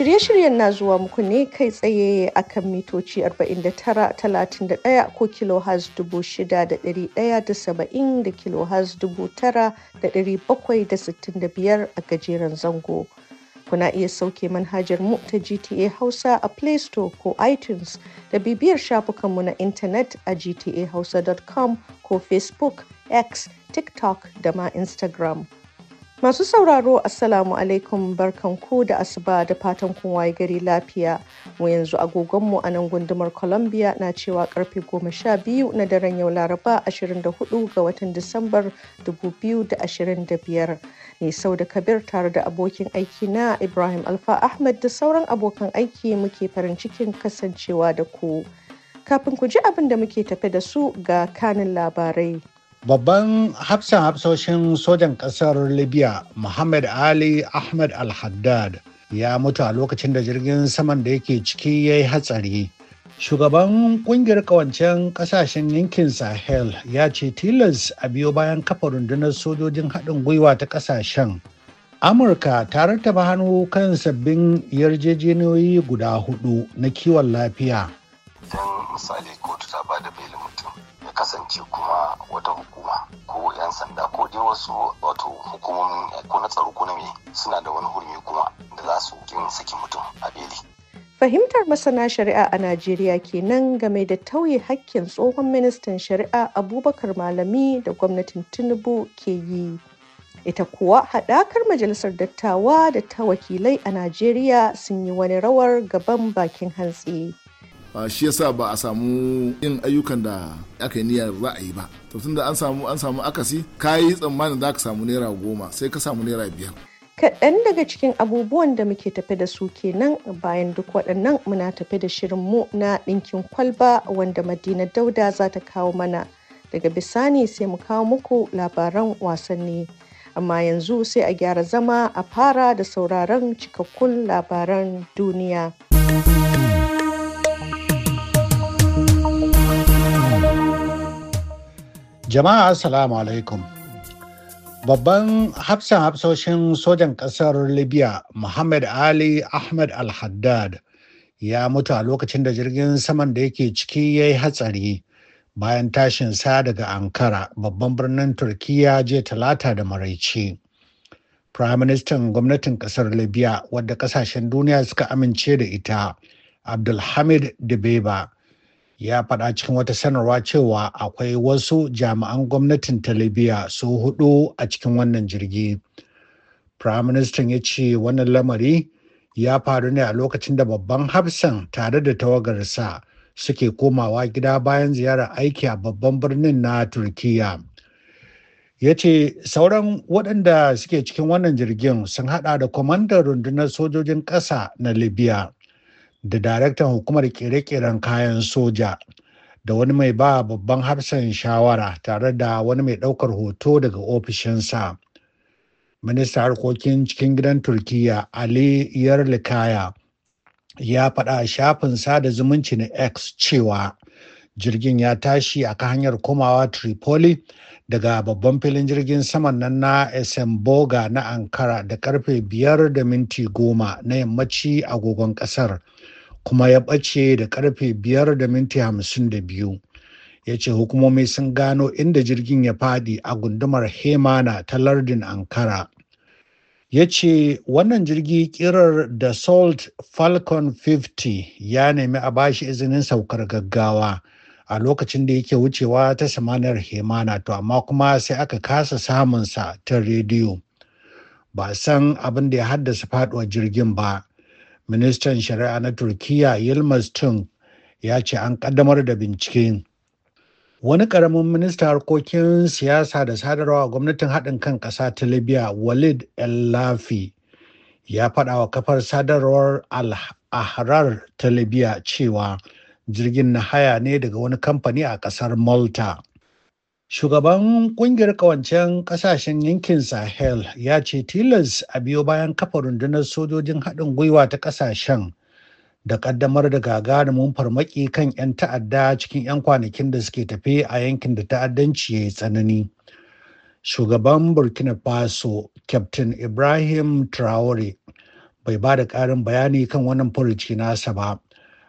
Shirye-shiryen na zuwa muku ne kai tsaye a kan mitoci 49,31 ko kilohaz 6,170 da kilohaz 9,765 a gajeren zango. Kuna iya sauke manhajar mu ta GTA Hausa a Play Store ko iTunes da bibiyar shafukanmu na intanet a gtahausa.com ko Facebook, X, TikTok da ma Instagram. Masu sauraro Assalamu alaikum barkanku da asuba da fatan kun waye gari lafiya. Mu yanzu agogonmu a nan gundumar Columbia na cewa karfe goma sha biyu na daren yau Laraba 24 ga watan Disambar 2025. Ne sau da Kabir tare da abokin aiki na Ibrahim Alfa Ahmed da sauran abokan aiki muke farin cikin kasancewa da ku. Kafin ku ji abin da muke tafe da su ga kanin labarai. Babban hafsan hafsoshin sojan ƙasar Libya, Muhammad Ali Ahmed Al-Haddad, ya mutu a lokacin da jirgin saman da yake ciki ya yi hatsari. Shugaban kungiyar kawancen kasashen yankin Sahel ya ce tilas a biyo bayan kafa rundunar sojojin haɗin gwiwa ta kasashen. Amurka ta rattaba hannu kan sabbin yarjejeniyoyi guda hudu na kiwon lafiya. misali kotu ta bada belin mutum kasance kuma wata hukuma ko 'yan sanda ko dai wasu wato hukumomin ko na tsaro ko na me suna da wani hurumi kuma da za su kin saki mutum a beli. Fahimtar masana shari'a a Najeriya kenan game da tauye hakkin tsohon ministan shari'a Abubakar Malami da gwamnatin Tinubu ke yi. ita kuwa haɗakar majalisar dattawa da ta wakilai a najeriya sun yi wani rawar gaban bakin hantsi Ah, shi yasa ba a samu yin ayyukan da aka yi niyyar za a yi ba to tunda an samu an samu akasi ka yi tsammanin za ka samu naira goma sai ka samu naira biyar kaɗan daga cikin abubuwan da muke tafe da su kenan bayan duk waɗannan muna tafe da shirin mu na ɗinkin kwalba wanda madina dauda za ta kawo mana daga bisani sai mu kawo muku labaran wasanni amma yanzu sai a gyara zama a fara da sauraron cikakkun labaran duniya. Jama'a Assalamu alaikum. Babban hafsan hafsoshin sojan ƙasar Libya Muhammad Ali Ahmed Al-Haddad ya mutu a lokacin da jirgin saman da yake ciki ya yi hatsari bayan tashin sa daga Ankara babban birnin Turkiyya je talata da maraice. Firaministan gwamnatin ƙasar Libya wadda ƙasashen duniya suka amince da ita Abdulhamid Dibeba ya faɗa cikin wata sanarwa cewa akwai wasu jami'an gwamnatin ta libya su hudu a cikin wannan jirgi firaministan ya ce wannan lamari ya faru ne a lokacin da babban hafsan tare da tawagarsa suke komawa gida bayan ziyarar aiki a babban birnin na Turkiyya, ya ce sauran waɗanda suke cikin wannan jirgin sun haɗa da kwamandan rundunar sojojin ƙasa na libya da daraktan hukumar kere-keren kayan soja da wani mai ba babban hafsan shawara tare da wani mai ɗaukar hoto daga ofishinsa. Minista harkokin cikin gidan Turkiyya Ali Yarlikaya ya faɗa shafin sada zumunci na X cewa jirgin ya tashi a hanyar komawa Tripoli daga babban filin jirgin saman nan na Esenboga na Ankara da karfe biyar da minti goma na yammaci agogon ƙasar. kasar. kuma ya ɓace da karfe biyar da minti hamsin da biyu ya ce hukumomi sun gano inda jirgin ya faɗi a gundumar hemana ta lardin ankara ya ce wannan jirgi kirar da salt falcon 50 ya nemi a bashi izinin saukar gaggawa a lokacin da yake wucewa ta samanar hemana to amma kuma sai aka kasa samunsa ta rediyo ba san abin da ya haddasa faduwar jirgin ba ministan shari'a na turkiya yilmaz tun ya ce an kaddamar da bincike wani karamin minista harkokin siyasa da sadarwa gwamnatin haɗin kan ƙasa ta libya walid el-lafi ya faɗa wa kafar sadarwar al-ahrar ta libya cewa jirgin na haya ne daga wani kamfani a ƙasar malta Shugaban kungiyar kawancen kasashen yankin Sahel ya ce tilas a biyo bayan kafa rundunar sojojin haɗin gwiwa ta kasashen da ƙaddamar da gagarumin farmaki kan 'yan ta'adda cikin 'yan kwanakin da suke tafe a yankin da ta'addanci ya yi tsanani. Shugaban Burkina Faso, Captain Ibrahim Traore, bai ba da ƙarin bayani kan wannan furuci nasa ba.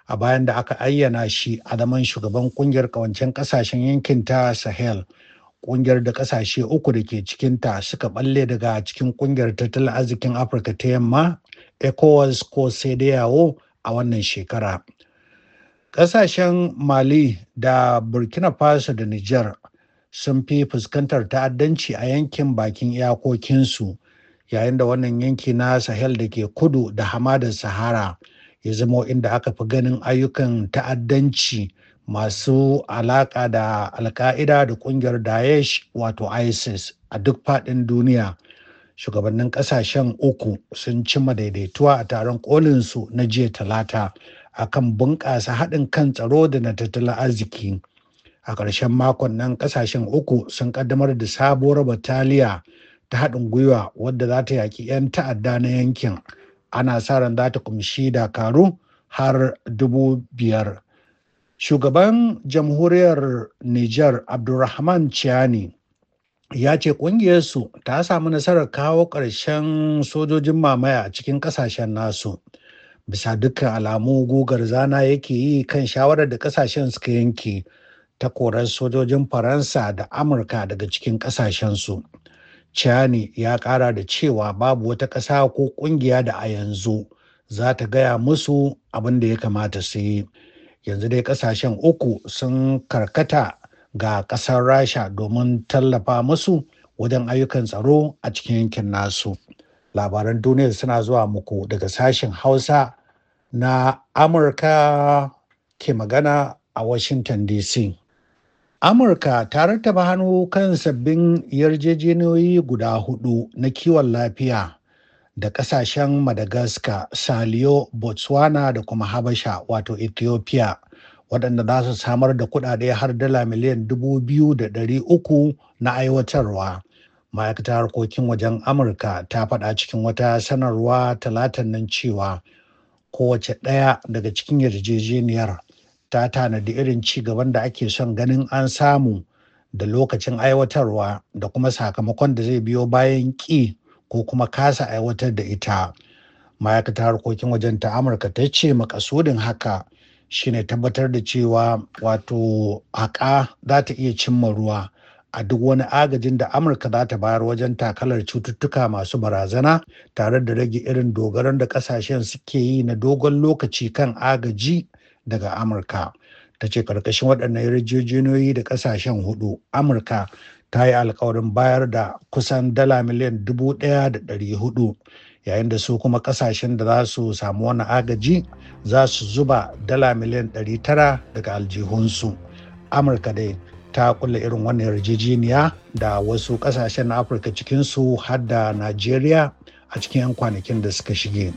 a bayan da aka ayyana shi a zaman shugaban kungiyar kawancen kasashen yankin ta sahel kungiyar da kasashe uku da ke cikinta suka balle daga cikin kungiyar tattalin arzikin afirka ta yamma ecowas ko yawo a wannan shekara kasashen mali da burkina faso da niger sun fi fuskantar ta'addanci a yankin bakin iyakokinsu yayin da wannan yanki na sahel da ke kudu da hamadar sahara ya zama inda aka fi ganin ayyukan ta'addanci masu alaƙa da alka'ida da ƙungiyar daesh wato isis a duk faɗin duniya shugabannin ƙasashen uku sun cima daidaituwa a taron kolinsu na jiya talata akan bunƙasa haɗin kan tsaro da na tattalin arziki a ƙarshen makon nan ƙasashen uku sun ƙaddamar da sabuwar bataliya ta haɗin gwiwa wadda za ta yaƙi 'yan ta'adda na yankin ana sa ran za ta kumshi dakaru har dubu biyar shugaban jamhuriyar nijar abdulrahman chiani ya ce ƙungiyarsu ta samu nasarar kawo ƙarshen sojojin mamaya a cikin ƙasashen nasu bisa dukkan alamu gugar zana yake yi kan shawarar da ƙasashen suka yanke ta korar sojojin faransa da amurka daga cikin ƙasashensu Chani ya ƙara da cewa babu wata ƙasa ko ƙungiya da a yanzu za ta gaya musu abin da ya kamata su yi. Yanzu dai ƙasashen uku sun karkata ga ƙasar Rasha domin tallafa musu wajen ayyukan tsaro a cikin yankin nasu. Labaran duniya suna zuwa muku daga sashen Hausa na Amurka ke magana a Washington DC. amurka ta rattaba hannu kan sabbin yarjejeniyoyi guda hudu na kiwon lafiya da kasashen madagascar saliyo botswana da kuma habasha wato ethiopia waɗanda za su samar da kuɗaɗe har dala miliyan dubu biyu da ɗari uku na aiwatarwa ma'aikatar harkokin wajen amurka ta faɗa cikin wata sanarwa talatan nan cewa kowace ɗaya daga cikin yarjejeniyar ta tanadi irin ci gaban da ake son ganin an samu da lokacin aiwatarwa da kuma sakamakon da zai biyo bayan ƙi ko kuma kasa aiwatar da ita ma'aikatar harkokin wajen ta amurka ta ce makasudin haka shine tabbatar da cewa wato haƙa za ta iya cimma ruwa a duk wani agajin da amurka za ta bayar wajen takalar cututtuka masu barazana tare da rage irin dogaron da ƙasashen suke yi na dogon lokaci kan agaji daga amurka ta ce karkashin waɗannan yarjejeniyoyi da ƙasashen hudu amurka ta yi alkawarin bayar da kusan dala miliyan dubu ɗaya da ɗari hudu yayin da su kuma ƙasashen da za su samu wani agaji za su zuba dala miliyan ɗari tara daga aljihunsu amurka dai ta kulle irin wannan yarjejeniya da wasu ƙasashen na afirka cikinsu har da najeriya a cikin 'yan kwanakin da suka shige.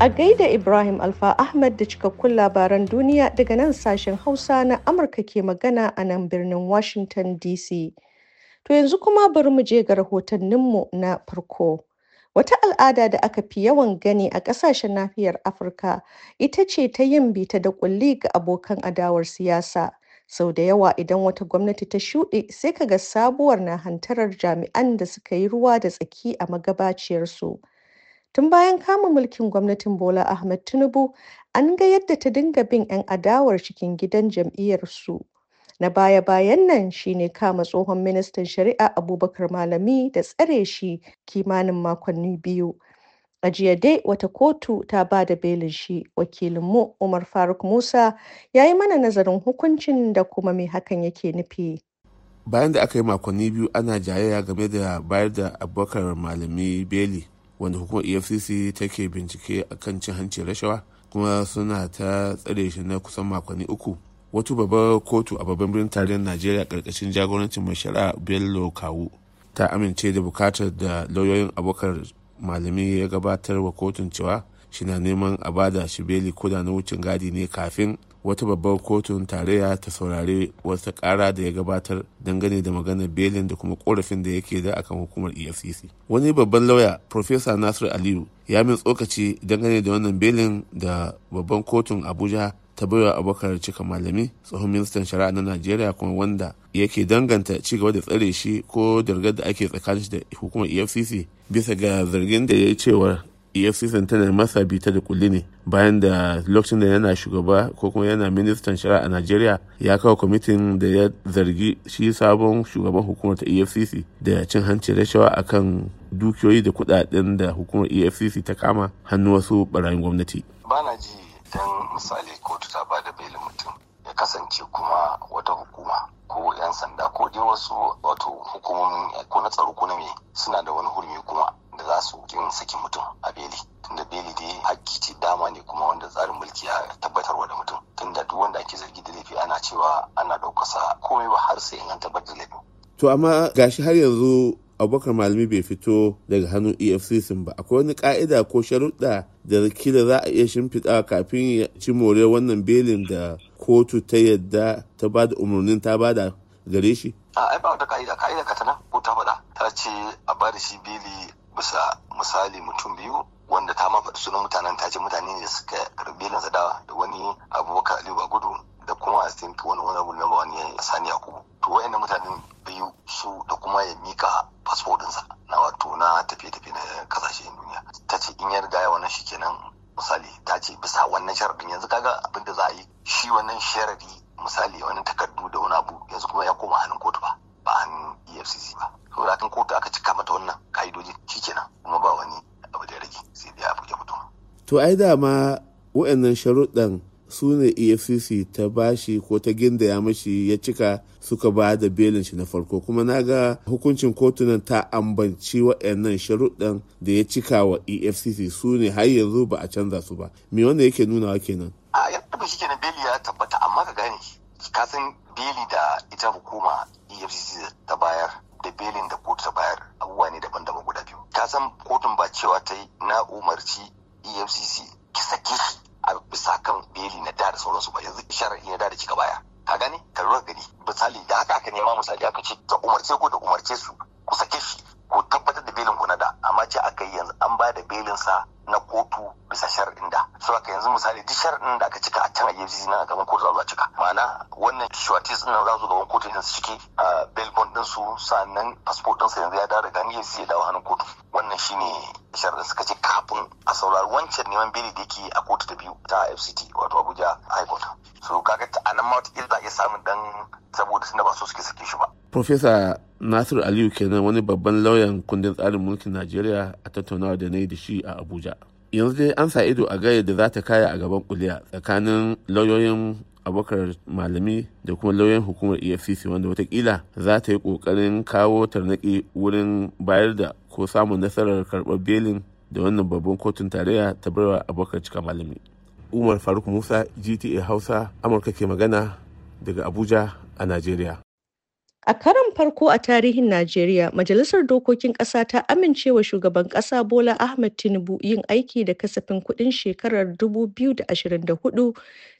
A gaida Ibrahim Alfa Ahmad da cikakkun labaran duniya daga nan sashen Hausa na Amurka ke magana a nan birnin Washington DC. To yanzu kuma bari mu je ga rahotanninmu na farko. Wata al'ada da aka fi yawan gani a ƙasashen nahiyar Afirka ita ce ta yin bita da ƙulli ga abokan adawar siyasa. Sau da yawa idan wata gwamnati ta shuɗe sai ka ga sabuwar na hantarar jami'an da suka yi ruwa da tsaki a magabaciyarsu. tun bayan kama mulkin gwamnatin bola ahmed tinubu an ga yadda ta dinga bin 'yan adawar cikin gidan jam'iyyarsu na baya-bayan nan shine kama tsohon ministan shari'a abubakar malami da tsare shi kimanin makonni biyu a jiya dai wata kotu ta ba da belin shi Wakilin mu, umar faruk musa ya yi mana nazarin hukuncin da kuma mai hakan yake nufi bayan da aka yi makonni biyu ana jayayya game da bayar da abubakar malami beli wanda hukumar efcc take bincike a kan cin hanci rashawa kuma suna ta tsare shi na kusan makonni uku wata babbar kotu a babban birnin tarihin najeriya karkashin jagorancin mai shari'a bello kawu ta amince da bukatar da lauyoyin abokar malami ya gabatar wa kotun cewa shi na neman a bada shi beli koda na wucin gadi ne kafin wata babbar kotun tarayya ta saurari wata kara da ya gabatar dangane da maganar belin da kuma korafin da yake da akan hukumar efcc wani babban lauya profesa nasir aliyu ya min tsokaci dangane da wannan belin da babban kotun abuja ta baiwa abokar cika malami tsohon ministan shari'a na najeriya kuma wanda yake danganta ci gaba da tsare shi ko dargar da ake tsakanin da hukumar efcc bisa ga zargin da ya yi cewar efcc tana masa bita da kulli ne bayan da lokacin da yana shugaba ko kuma yana ministan shari'a a najeriya ya kawo kwamitin da ya zargi shi sabon shugaban hukumar ta efcc da cin hanci rashawa a kan dukiyoyi da kudaden da hukumar efcc ta kama hannu wasu barayin gwamnati ba na ji dan misali kotu ta ba da belin mutum ya kasance kuma wata hukuma ko 'yan sanda ko dai wasu wato hukumomin ko na tsaro ko na me suna da wani hurumi kuma da za su kin saki mutum a beli tunda beli dai hakki ce dama ne kuma wanda tsarin mulki ya tabbatarwa da mutum tunda duk wanda ake zargi da laifi ana cewa ana ɗaukasa komai ba har sai an tabbatar da laifin. to amma gashi har yanzu abubakar malami bai fito daga hannu efcc ba akwai wani ka'ida ko sharuɗa da kila za a iya shimfiɗa kafin ya ci more wannan belin da kotu ta yadda ta ba da umarnin ta ba da gare shi a ai ba wata ka'ida ka'ida ka ta nan ko ta faɗa ta ce a ba da shi beli bisa misali mutum biyu wanda ta faɗi sunan mutanen ta ce mutane ne suka karbi na zada da wani abubakar aliyu ba gudu da kuma a think wani wani abu na wani sani yakubu to wa'annan mutanen biyu su da kuma ya mika fasfodinsa na wato na tafiye-tafiye na kasashen duniya ta ce in yarda ya wannan shi kenan misali ta ce bisa wannan sharaɗin yanzu kaga abin da za a yi shi wannan sharaɗi misali wani takardu da wani abu yanzu kuma ya koma hannun kotu ba ba hannun efcc ba saboda kotu aka cika mata wannan ka'idoji shikenan kuma ba wani abu da rage sai dai a fuke mutum to ai ma wa'annan sharuɗan su ne efcc ta bashi ko ta ya mashi ya cika suka ba da belin shi na farko kuma na ga hukuncin kotunan ta ambanci waannan sharuɗan da ya cika wa efcc su ne har yanzu ba a canza su ba me wanda yake nuna nunawa kenan a yadda ba shi kenan beli ya tabbata amma ka gane ka san beli da ita hukuma efcc ta bayar da belin da kotu ta bayar abubuwa ne daban-daban guda biyu ka san kotun ba cewa ta yi na umarci efcc ki sake shi a bisa kan beli na da da sauransu ba yanzu shara'i na da da kika baya ka gane ka lura gani misali da haka aka nema misali aka ce ta umarce ko da umarce su ku sake shi ko tabbatar da belin ku na da amma ce aka yi yanzu an ba da belin sa na kotu bisa shar'in da su haka yanzu misali duk shar'in da aka cika a can a EFCC na gaban kotu za cika ma'ana wannan shuwatis din za su gaban kotu yanzu ciki a belbon su sannan passport din su yanzu ya dawo daga EFCC ya dawo hannun kotu wannan shi shine shar'in suka ce kafin a saurari wancan neman beli da yake a kotu ta biyu ta FCT wato Abuja High Court so kaga ta anan ma wata za a iya samun dan saboda tunda ba su suke sake shi ba Profesa Nasiru Aliyu kenan wani babban lauyan kundin tsarin mulkin Najeriya a tattaunawa da na yi da shi a Abuja. Yanzu dai an sa ido a gaya da za ta kaya a gaban kuliya tsakanin lauyoyin abokar malami da kuma lauyan hukumar efcc wanda watakila za ta yi kokarin kawo tarnaki wurin bayar da ko samun nasarar karɓar belin da wannan babban kotun tarayya ta barwa abokar cika malami umar faruk musa gta hausa amurka ke magana daga abuja a najeriya A karon farko a tarihin Najeriya, Majalisar Dokokin Ƙasa ta amincewa Shugaban Ƙasa Bola Ahmed Tinubu yin aiki da kasafin kuɗin shekarar 2024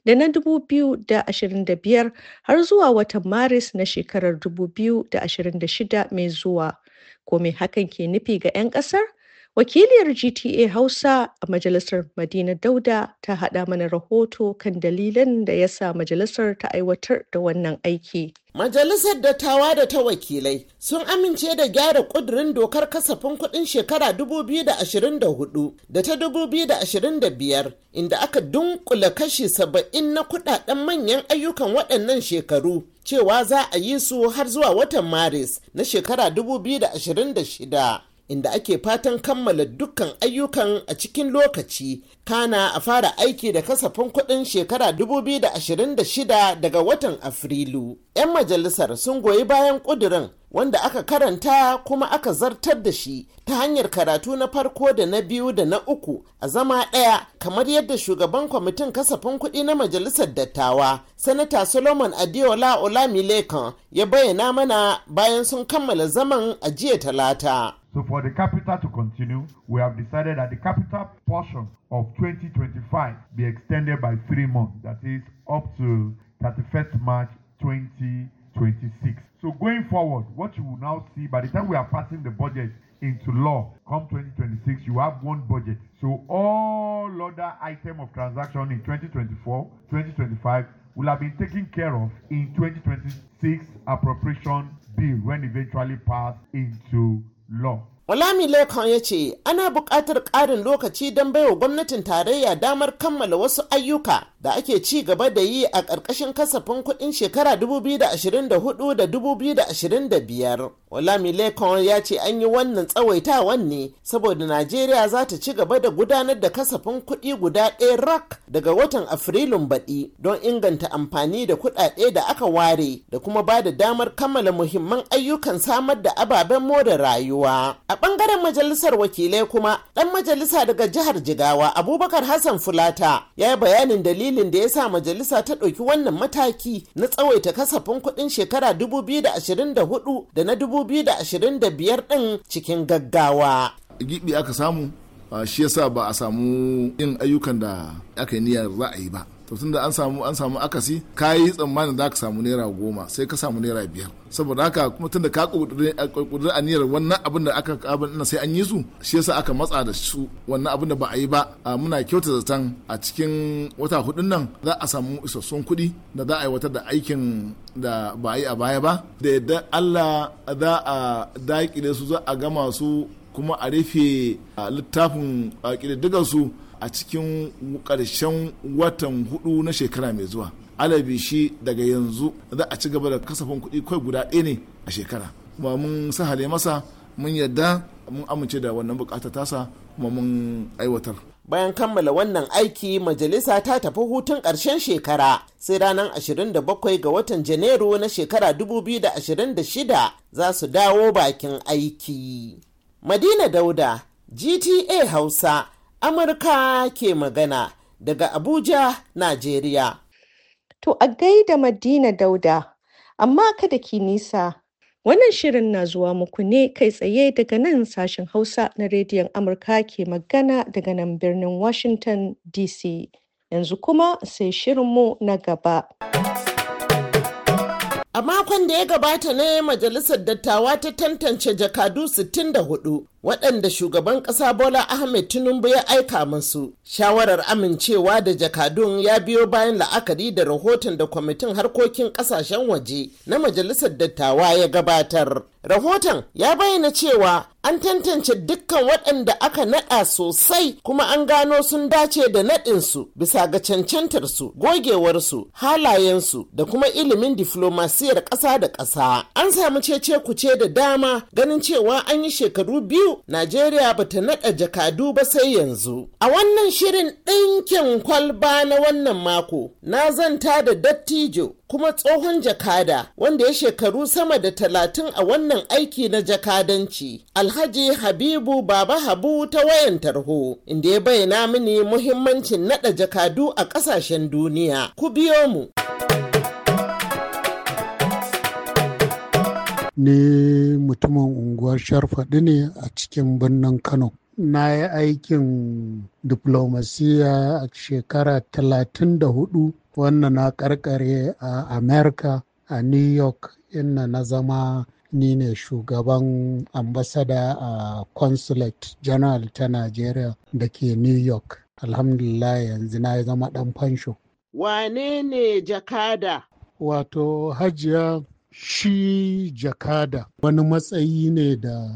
da na 2025 har zuwa watan Maris na shekarar 2026 mai zuwa. Ko hakan ke nufi ga 'yan ƙasar? Wakiliyar GTA Hausa a Majalisar Madina Dauda ta haɗa mana rahoto kan dalilan da ya sa majalisar ta aiwatar da wannan aiki. Majalisar dattawa da ta wakilai sun amince da gyara ƙudurin dokar kasafin kuɗin shekara 2024 da ta 2025 inda aka dunkula kashi 70 na kuɗaɗen manyan ayyukan waɗannan shekaru cewa za a yi su har zuwa watan Maris na shekara 2026. inda ake fatan kammala dukkan ayyukan a cikin lokaci kana a fara aiki da kasafin kuɗin shekara 2026 daga watan afrilu 'yan majalisar sun goyi bayan ƙudurin wanda aka karanta kuma aka zartar da shi ta hanyar karatu na farko da na biyu da na uku a zama ɗaya kamar yadda shugaban kwamitin kasafin kuɗi na majalisar dattawa sanata solomon adiola olamilekan ya bayyana mana bayan sun kammala zaman a jiya talata So for the capital to continue, we have decided that the capital portion of 2025 be extended by three months, that is up to 31st March 2026. So going forward, what you will now see by the time we are passing the budget into law come 2026 you have one budget so all other item of transaction in 2024 2025 will have been taken care of in 2026 appropriation bill when eventually passed into lo. Walami Lekan ya ce ana buƙatar ƙarin lokaci don baiwa gwamnatin tarayya damar kammala wasu ayyuka da ake ci gaba da yi a ƙarƙashin kasafin kuɗin shekara 2024 da 2025. Walami Lekan ya ce an yi wannan tsawaitawan ne saboda Najeriya za ta ci gaba da gudanar da kasafin kuɗi guda ɗaya rak daga watan Afrilun baɗi don inganta amfani da kuɗaɗe da aka ware da kuma ba da damar kammala muhimman ayyukan samar da ababen more rayuwa. a bangaren majalisar wakilai kuma dan majalisa daga jihar jigawa abubakar hassan fulata ya yi bayanin dalilin da ya sa majalisa ta ɗauki wannan mataki na tsawaita kasafin kuɗin shekara 2024 da na 2025 ɗin cikin gaggawa gibi aka samu shi yasa ba a samu yin ayyukan da aka yi niyyar za a yi ba to tunda an samu an samu akasi ka yi tsammanin za ka samu naira goma sai ka samu naira biyar saboda haka kuma tunda ka kudurin aniyar wannan abin da aka abin ina sai an yi su shi yasa aka matsa da su wannan abin da ba a yi ba muna kyauta zaton a cikin wata hudun nan za a samu isassun kuɗi da za a yi wata da aikin da ba a yi a baya ba da yadda Allah za a daƙile su za a gama su kuma a rufe littafin ƙididdigar su a cikin ƙarshen watan hudu na shekara mai zuwa alabi shi daga yanzu za a ci gaba da kasafin kuɗi kai guda ɗaya ne a shekara kuma mun sahale masa mun yadda mun amince da wannan bukatar tasa kuma mun aiwatar bayan kammala wannan aiki majalisa ta tafi hutun ƙarshen shekara sai ranar 27 ga watan janairu na shekara 2026 za su dawo bakin aiki madina dauda gta hausa Amurka ke magana daga Abuja, Najeriya. To a gaida Madina Dauda, amma kada ki nisa. Wannan shirin na zuwa muku ne kai tsaye daga nan sashen Hausa na rediyon Amurka ke magana daga nan birnin Washington DC. Yanzu kuma sai shirinmu na gaba. A makon da ya gabata ne Majalisar Dattawa ta tantance jakadu 64 waɗanda shugaban ƙasa bola ahmed tinubu ya aika musu, shawarar amincewa da jakadun ya biyo bayan la'akari da rahoton da kwamitin harkokin ƙasashen waje na majalisar dattawa ya gabatar rahoton ya bayyana cewa an tantance dukkan waɗanda aka naɗa sosai kuma an gano sun dace da naɗinsu bisa ga cancantarsu gogewarsu halayensu da kuma ilimin diflomasiyar ƙasa da ƙasa an samu cece kuce da dama ganin cewa an yi shekaru biyu Najeriya ba ta naɗa jakadu ba sai yanzu. A wannan shirin ɗinkin kwalba na wannan mako na zanta da dattijo kuma tsohon jakada wanda ya shekaru sama da talatin a wannan aiki na jakadanci alhaji habibu baba habu ta wayan tarho inda ya bayyana mini muhimmancin naɗa jakadu a ƙasashen duniya ku biyo mu ni mutumin unguwar sharfaɗi ne a cikin birnin kano na yi aikin diplomasiya a shekara 34 wannan na karkare a america a new york inda na zama ni ne shugaban ambasada a consulate general ta nigeria da ke new york alhamdulillah yanzu na zama ɗan fansho wane ne jakada wato hajiya shi jakada wani matsayi ne da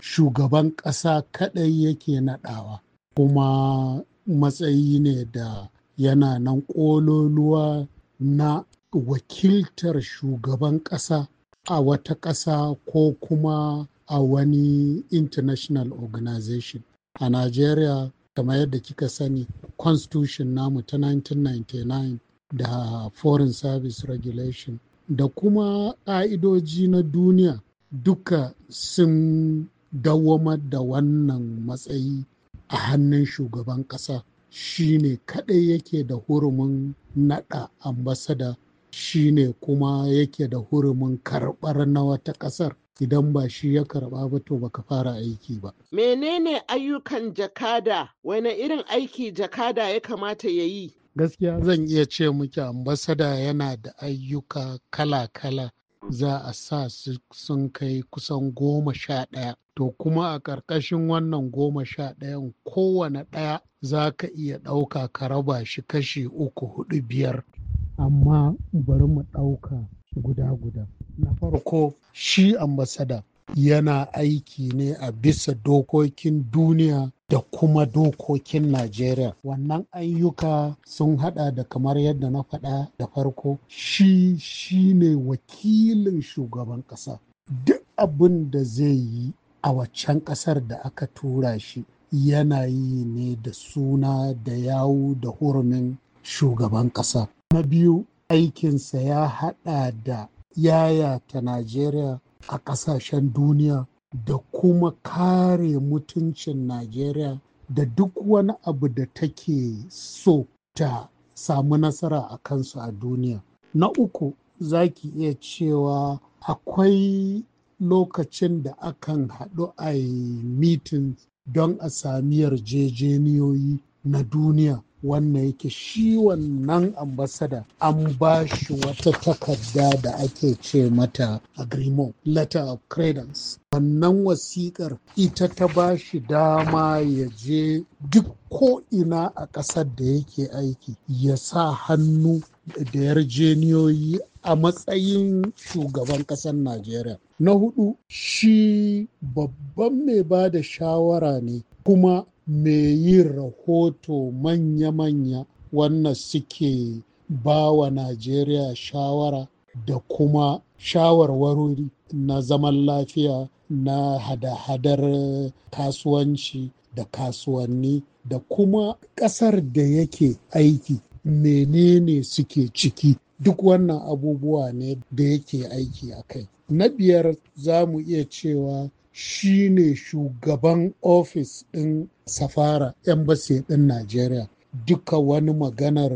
shugaban ƙasa kaɗai yake naɗawa kuma matsayi ne da yana nan ƙololuwa na wakiltar shugaban ƙasa a wata ƙasa ko kuma a wani international organization a Najeriya kamar yadda kika sani constitution namu ta 1999 da foreign service regulation da kuma ƙa'idoji na duniya duka sun dawamar da wannan matsayi a hannun shugaban ƙasa shi ne kaɗai yake da hurumin naɗa ambasada shi ne kuma yake da hurumin karɓar na wata ƙasar idan ba shi ya karɓa ba to baka fara aiki ba. Menene ayyukan jakada? Wani irin aiki jakada ya kamata ya yi? gaskiya zan iya ce muke ambasada yana da ayyuka kala-kala za a sa sun kai kusan goma sha ɗaya to kuma a ƙarƙashin wannan goma sha ɗayan kowane ɗaya za ka iya ɗauka ka raba shi kashi uku hudu biyar amma bari mu ɗauka guda-guda na farko shi ambasada yana aiki ne a bisa dokokin duniya da kuma dokokin Najeriya. Wannan ayyuka sun hada da kamar yadda na faɗa da farko shi shi ne wakilin shugaban ƙasa. Duk abin da zai yi a waccan ƙasar da aka tura shi yana yi ne da suna da yawu da hurumin shugaban ƙasa. Na biyu aikinsa ya haɗa da yayata Najeriya a ƙasashen duniya da kuma kare mutuncin Najeriya da duk wani abu da take so ta samu nasara a kansu a duniya. Na uku za ki iya cewa akwai lokacin da akan haɗu a yi mitin don a sami yarjejeniyoyi na duniya wannan yake shi wannan ambasada an ba shi wata takarda da ake ce mata agreement letter of credence wannan wasiƙar ita ta ba shi dama ya je duk ko ina a ƙasar da yake aiki ya sa hannu da yarjeniyoyi a matsayin shugaban ƙasar najeriya na hudu shi babban mai ba da shawara ne kuma me yin rahoto manya-manya wannan suke ba wa najeriya shawara da kuma shawarwarori na zaman lafiya na hada-hadar kasuwanci da kasuwanni da kuma ƙasar da yake aiki menene suke ciki duk wannan abubuwa ne da yake aiki a kai na biyar za mu iya cewa shine shugaban ofis ɗin safara embassy ɗin Najeriya. Duka wani maganar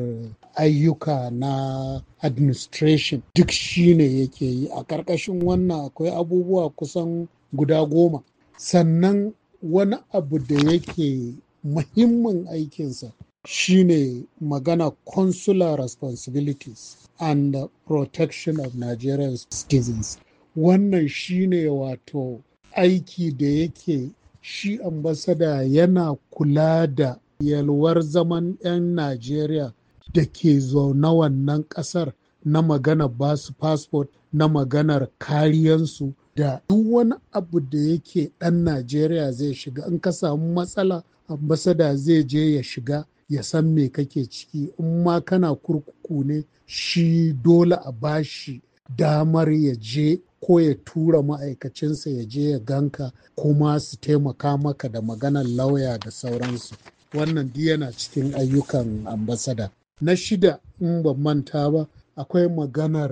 ayyuka na administration duk shine yake yi a ƙarƙashin wannan akwai abubuwa kusan guda goma. Sannan wani abu da yake muhimmin aikinsa shine magana consular responsibilities and protection of Nigerian citizens. Wannan shine wato aiki da yake shi ambasada yana kula da yalwar zaman 'yan najeriya da ke zaune wannan ƙasar na magana ba su fasfot na maganar kariyansu da duk wani abu da yake ɗan najeriya zai shiga in ka samu matsala ambasada zai je ya shiga ya san me kake ciki in ma kana kurkuku ne shi dole a bashi damar ya je ko ya tura ma'aikacinsa ya je ya ganka kuma su taimaka maka da maganar lauya da sauransu wannan duk yana cikin ayyukan ambasada na shida in ban manta ba akwai maganar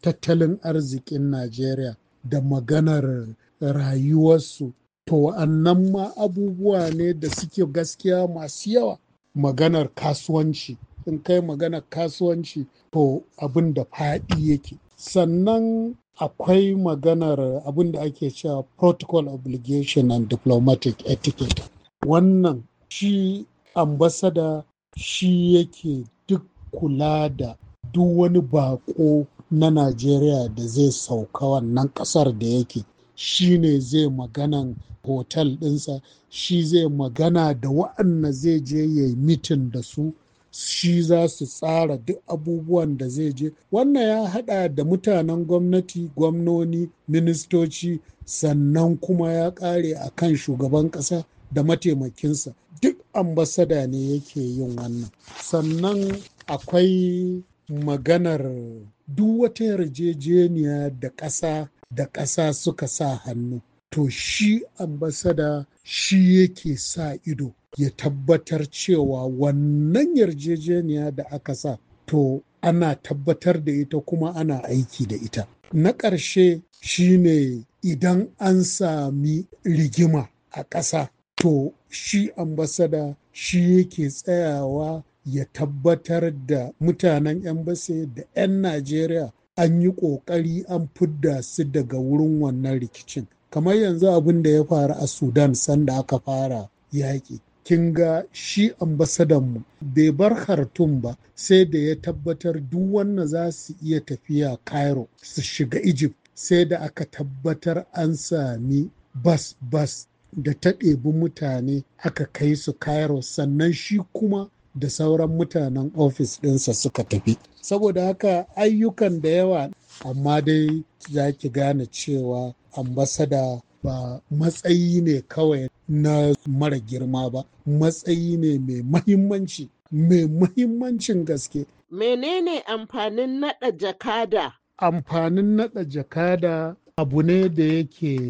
tattalin arzikin najeriya da maganar rayuwarsu to wa'annan ma abubuwa ne da suke gaskiya masu yawa maganar kasuwanci in kai maganar kasuwanci to abin da faɗi yake sannan akwai maganar abin da ake cewa protocol obligation and diplomatic etiquette wannan shi ambasada shi yake duk kula da duk wani bako na najeriya da zai sauka wannan kasar da yake shi ne zai maganan hotel dinsa, shi zai magana da wa'anda zai je ya yi mitin da su shi za su tsara duk abubuwan da zai je wannan ya hada da mutanen gwamnati gwamnoni ministoci sannan kuma ya kare a kan shugaban kasa da mataimakinsa duk ambasada ne yake yin wannan sannan akwai maganar duk wata yarjejeniya da ƙasa da ƙasa suka sa hannu to shi ambasada shi yake sa ido ya tabbatar cewa wannan yarjejeniya da aka sa to ana tabbatar da ita kuma ana aiki da ita na ƙarshe shine idan an sami rigima a ƙasa to shi ambasada shi yake tsayawa ya tabbatar da mutanen 'yan da 'yan najeriya an yi ƙoƙari an fidda su daga wurin wannan rikicin kamar yanzu abin da ya faru a sudan sanda aka fara yaƙi kin ga shi ambasadanmu bai bar hartun ba sai da ya tabbatar duk wanda za su iya tafiya cairo su shiga egypt sai da aka tabbatar an sami bas bas da ta ɗebi mutane aka kai su cairo sannan shi kuma da sauran mutanen ofis ɗinsa suka tafi saboda haka ayyukan da yawa amma dai za ki gane cewa ambasada ba matsayi ne kawai na mara girma ba matsayi ne mai mahimmanci mai mahimmancin gaske menene amfanin nada jakada amfanin nada jakada abu ne da yake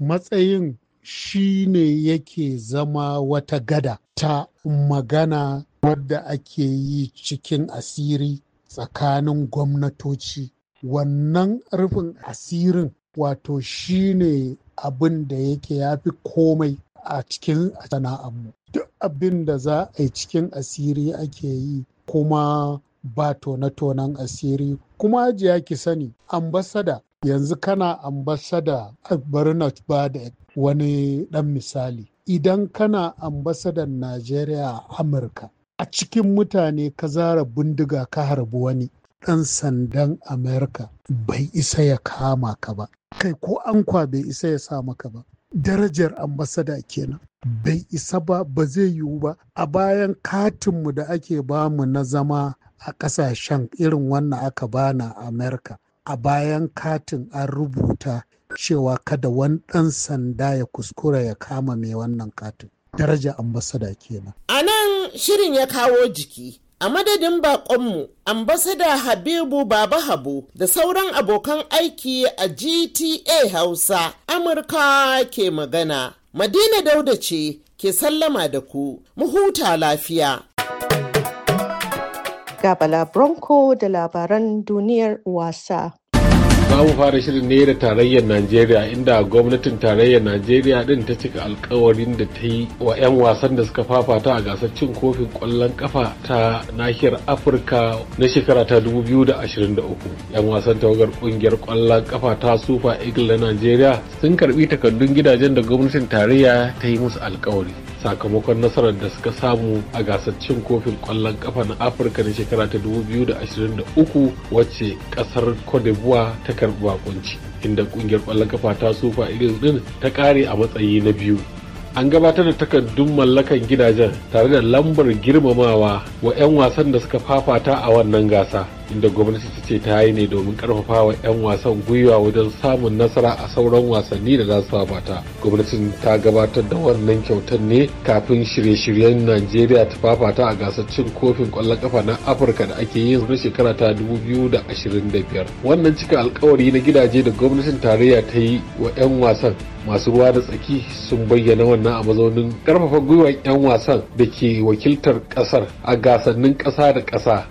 matsayin shi ne yake zama wata gada ta magana wadda ake yi cikin asiri tsakanin gwamnatoci wannan rufin asirin wato shi ne abin da yake ya fi komai a cikin sana'armu duk abin da za a yi cikin asiri ake yi kuma ba tona tonen asiri kuma ajiya ki sani ambasada yanzu kana ambasada a barnard ba da wani dan misali idan kana ambasadan najeriya a amurka a cikin mutane ka zara bindiga ka harbi wani ɗan sandan Amurka bai isa ya kama ka ba kai ko ankwa bai isa ya sa maka ba darajar ambasada kenan bai isa ba ba zai yiwu ba a bayan katinmu da ake bamu na zama a ƙasashen irin wannan aka bana a amerika a bayan katin an rubuta cewa kada wani ɗan sanda ya kuskura ya kama mai wannan katin daraja ambasada kenan a nan shirin ya kawo jiki a madadin bakonmu ambasada habibu baba habu da sauran abokan aiki a gta hausa amurka ke magana madina dauda ce ke sallama da ku mu huta lafiya Gabala bronco da labaran duniyar wasa za mu fara shirin ne da tarayyar najeriya inda gwamnatin tarayyar najeriya din ta cika alkawarin da ta yi wa 'yan wasan da suka fafata a gasar cin kofin kwallon kafa ta nahiyar afirka na shekara ta 2023 'yan wasan tawagar kungiyar kwallon kafa ta sufa eagle na najeriya sun karbi takardun gidajen da gwamnatin tarayya ta yi musu alkawari sakamakon nasarar da suka samu a gasar kofin kwallon kafa na afirka na shekara ta 2023 wacce kasar cote ta karbi bakunci inda kungiyar kwallon kafa ta sufa irin din ta kare a matsayi na biyu an gabatar da takardun mallakan gidajen tare da lambar girmamawa wa 'yan wasan da suka fafata a wannan gasa inda gwamnati ta ce ta yi ne domin karfafa wa 'yan wasan gwiwa wajen samun nasara a sauran wasanni da za su fafata gwamnatin ta gabatar da wannan kyautar ne kafin shirye-shiryen najeriya ta fafata a gasar cin kofin kwallon kafa na afirka da ake yin na shekara ta da da ashirin biyar. wannan cika alkawari na gidaje da gwamnatin tarayya ta yi wa 'yan wasan masu ruwa da tsaki sun bayyana wannan a mazaunin karfafa gwiwa 'yan wasan da ke wakiltar kasar a gasannin kasa da kasa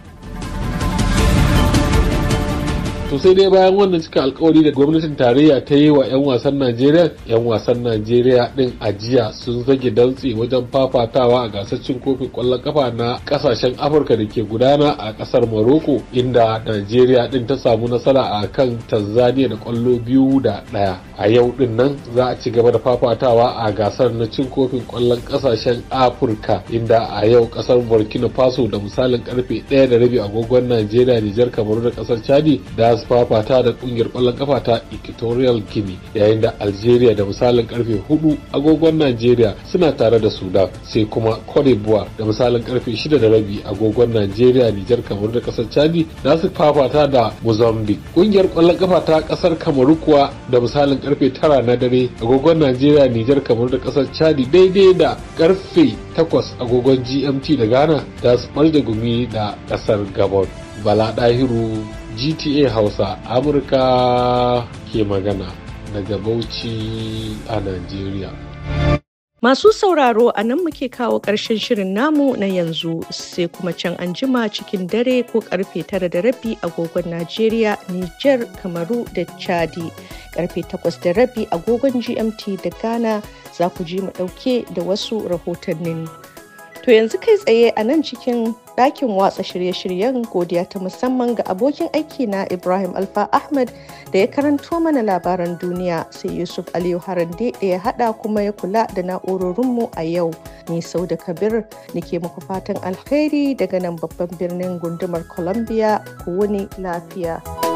to sai dai bayan wannan cika alkawari da gwamnatin tarayya ta yi wa 'yan wasan najeriya 'yan wasan najeriya din ajiya sun zage dantse wajen fafatawa a gasar cin kofin kwallon kafa na kasashen afirka da ke gudana a kasar Maroko, inda najeriya din ta samu nasara a kan tanzania da kwallo biyu da daya a yau din nan za a ci gaba da fafatawa a gasar na cin kofin kwallon kasashen afirka inda a yau kasar burkina faso da misalin karfe 1 da rabi agogon najeriya nijar kamaru da kasar chadi da su fafata da kungiyar kwallon kafa ta equatorial guinea yayin da algeria da misalin karfe 4 agogon nigeria suna tare da sudan sai kuma cote d'ivoire da misalin karfe 6 da rabi agogon nigeria nijar kamar da kasar chadi za su fafata da mozambique kungiyar kwallon kafa ta kasar kamaru kuwa da misalin karfe 9 na dare agogon nigeria nijar kamar da kasar chadi daidai da karfe 8 agogon gmt da ghana da su ɓarje gumi da kasar gabon bala ɗahiru gta hausa amurka ke magana daga bauchi a nigeria Masu sauraro a nan muke kawo ƙarshen shirin namu na yanzu sai kuma can an jima cikin dare ko karfe tara da rabi agogon Najeriya, Niger, Kamaru da Chadi. Karfe takwas da rabi agogon GMT da Ghana za ku ji mu ɗauke da wasu rahotannin. To yanzu kai tsaye a nan cikin ɗakin watsa shirye-shiryen godiya ta musamman ga abokin aiki na Ibrahim Alfa Ahmad da ya karanto mana labaran duniya sai Yusuf Aliyu Harande da ya haɗa kuma ya kula da na'urorinmu a yau. Ni sau da kabir nake muku fatan alheri daga nan babban birnin gundumar Columbia ko wuni lafiya.